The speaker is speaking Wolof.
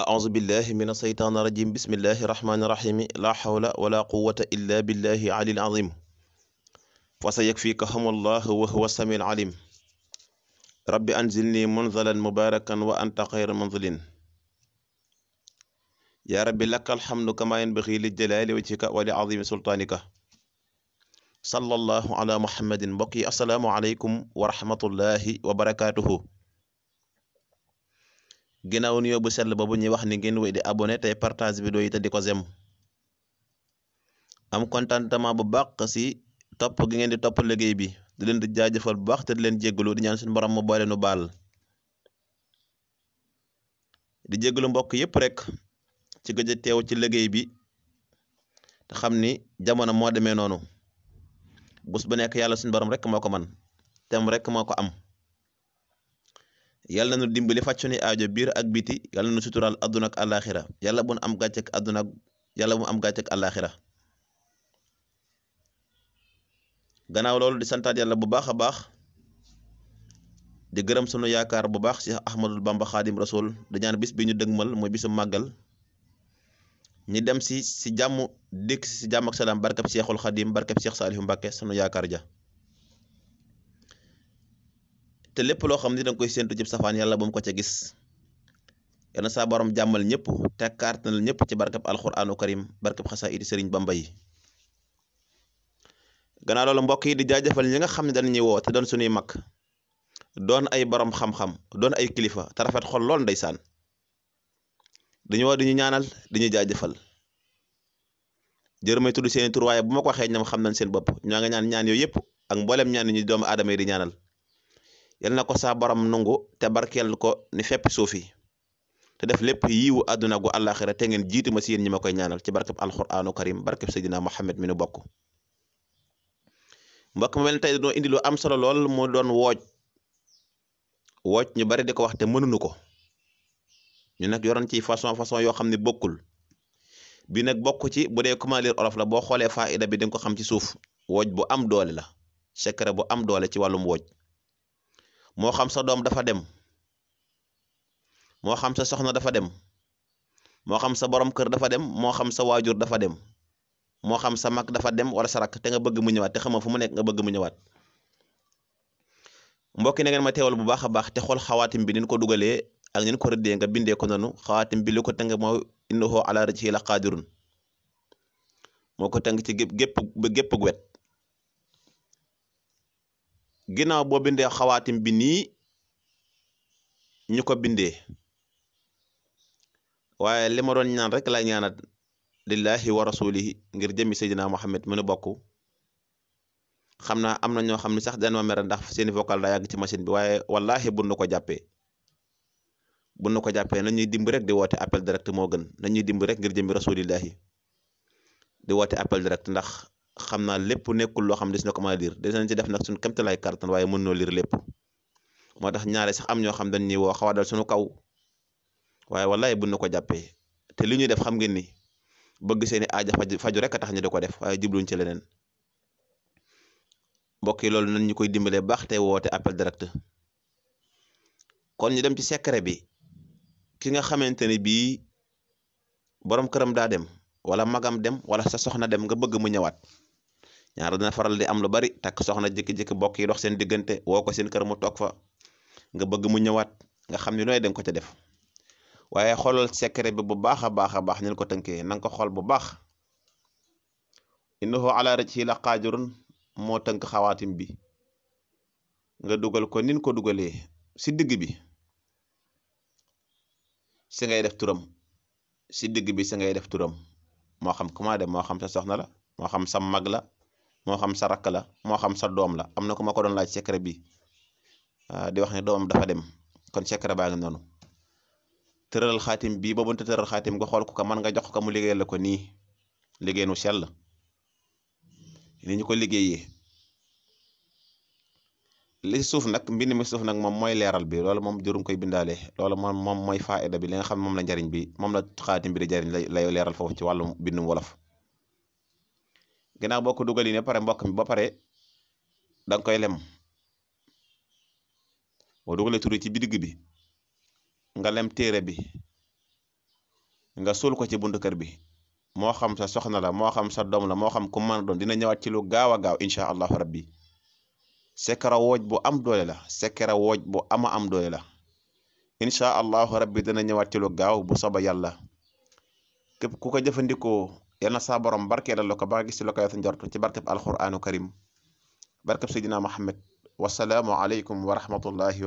aousubillahi min asheytaan irajim bismillahi irahmaani irahimi laa hawla wala quwata illa billahi alil azim fa sa yakfikahum allahu wa huwa samiul alim rabbi anzilni munzalan mubarakan wa anta xayra munzilin yaa rabbi laka alhamdu kama yanbaxi li jalaali wajhika wa li azimi sultaanika sallallahu ala muhammadin mbokk yi asalaamu aleykum wa rahmatullahi wa barakatuhu ginnaaw nuyoo bu sell boobu ñuy wax ni ngeen wéy di abonné tey partage vidéo yi te di ko zem am contentement bu baax si topp gi ngeen di topp liggéey bi di leen di jaajëfal bu baax te di leen jéggalu di ñaan suñu borom mu boole nu baal di jéggalu mbokk yëpp rek ci gëj a teew ci liggéey bi te xam ni jamono moo demee noonu bés bu nekk yàlla suñu borom rek moo ko man tem rek moo ko am yàlla na nu dimbali fàccu ajo biir ak biti yàlla na nu suturaal àdduna ak àllaaxira yàlla bu nu am gàcceeg àdduna yàlla bu am gàcceeg àllaaxira gannaaw loolu di santaat yàlla bu baax a baax di gërëm sunu yaakaar bu baax Cheikh Ahmadul Bamba Xaadim Rasul di ñaan bis bi ñu dëgmal mooy bisu màggal ñi dem si si jàmm dikk si jàmm ak salaam barkab Cheikhul Xaadim barkab Cheikh Saalihu Mbàkke sunu yaakaar ja te lépp loo xam ni danga koy séntu jëm safaan yàlla ba mu ko ca gis yal na saa borom jàmmal ñëpp te kaartanal ñëpp ci barkab alquranu karim barkab xasaayid sëriñ Bamba yi gannaaw loolu mbokk yi di jaajëfal ñi nga xam ne dañuy woo te doon suñuy mag doon ay borom xam-xam doon ay kilifa te rafet xol lool ndeysaan dañu woo dañu ñaanal dañuy jaajëfal jërëmay tudd seen i tur waaye bu ma ko waxee ñoom xam nañ seen bopp ñoo nga ñaan ñaan yooyu yëpp ak mboolem ñaan yi ñu doomu aadama yi di ñaanal yal na ko saa borom nungu te barkeel ko ni fépp suufi te def lépp yiwu àdduna gu àllaaxira te ngeen jiituma si yeen ñi ma koy ñaanal ci barkeb alquraanu karim barkeb sayyidina Muhammad mi nu bokk mbokk mu mel ne tey dañoo indi lu am solo lool mu doon wooj woj ñu bari di ko wax te mënuñu ko ñu nag yoroon ci façon façon yoo xam ne bokkul bi nag bokk ci bu dee comment olof la boo xoolee faida bi da ko xam ci suuf wooj bu am doole la secret bu am doole ci wàllum wooj moo xam sa doom dafa dem moo xam sa soxna dafa dem moo xam sa borom kër dafa dem moo xam sa waajur dafa dem moo xam sa mag dafa dem wala sa rakk te nga bëgg mu ñëwaat te xamoo fu mu nekk nga bëgg mu ñëwaat mbokk na ngeen ma teewal bu baax a baax te xool xawaatim bi nin ko dugalee ak nin ko rëddee nga bindee ko noonu xawaatim bi li ko tënk mooy innahu ala rajhi la qaadirun moo ko tënk ci gépp gépp gépp wet ginnaaw boo bindee xawaatim bi nii ñu ko bindee waaye li ma doon ñaan rek lay ñaanat lillahi wa rasulihi ngir jëmi seydina Muhammad mu nu bokk xam naa am na ñoo xam ne sax dañ ma mere ndax seeni vocal daa yàgg ci machine bi waaye wallahi bu nu ko jàppee bu nu ko jàppee nañuy dimb rek di woote appel direct moo gën nañuy dimb rek ngir jëmi rasulillahi di woote appel direct ndax xam naa lépp nekkul loo xam des na ko mën a liir des nañ ci def nag suñu kéemtalaay kàttan waaye mën no liir lépp moo tax ñaare sax am ñoo xam dañ ñuy woo xaw a dal suñu kaw waaye wallaay bu nu ko jàppee te li ñuy def xam ngeen ni bëgg seeni aaja faju rek a tax ñu di ko def waaye jubluñ ci leneen mbokk yi loolu nan ñu koy dimbalee baax te woote appel direct kon ñu dem ci secret bi ki nga xamante ne bii borom këram daa dem. wala magam dem wala sa soxna dem nga bëgg mu ñëwaat ñaar dina faral di am lu bari takk soxna jékki-jékki bokk yi dox seen diggante woo ko seen kër mu toog fa nga bëgg mu ñëwaat nga xam ni nooy danga ko ca def waaye xoolal secret bi bu baax a baax a baax ñu ko tënkee na nga ko xool bu baax innahu ala rajhi la qaadirun moo tënk xawaatim bi nga dugal ko nin ko dugalee si digg bi si ngay def turam si digg bi si ngay def turam moo xam ku ma moo xam sa soxna la moo xam sa mag la moo xam sa rakk la moo xam sa doom la am na ku ma ko doon laaj secret bi ah, di wax ne doomam dafa dem kon secret baa ngi noonu tëralal xaatim bii ba bunte tëral xaatim nga xool ko ko mën nga jox ko mu liggéeyal la ko nii liggéey nu sell ni ñu ko liggéeyee li suuf nag mbind mi suuf nag moom mooy leeral bi loolu moom jurum koy bindaale loolu moom moom mooy faayda bi li nga xam ne moom la njariñ bi moom na xaatim bi di jariñ lay leeral foofu ci wàllum bindum wolof ginnaaw boo ko dugalee pare mbokk mi ba pare da koy lem o dugalee turi ci bidig bi nga lem téere bi nga suul ko ci buntu kër bi moo xam sa soxna la moo xam sa doom la moo xam ku mën doon dina ñëwaat ci lu gaaw a gaaw incha allahu rabbi sekara wooj bu am doole la sekara wooj bu ama am doole la incha allahu rabbi dana ñëwaat ci lu gaaw bu soba yàlla képp ku ko jëfandikoo yal na saa borom barkeelal la ko ba nga gis ci la ko yàlla njort ci barkeb alquranu karim barkeb seydina muhammad wasalaamu aleykum wa rahmatullahi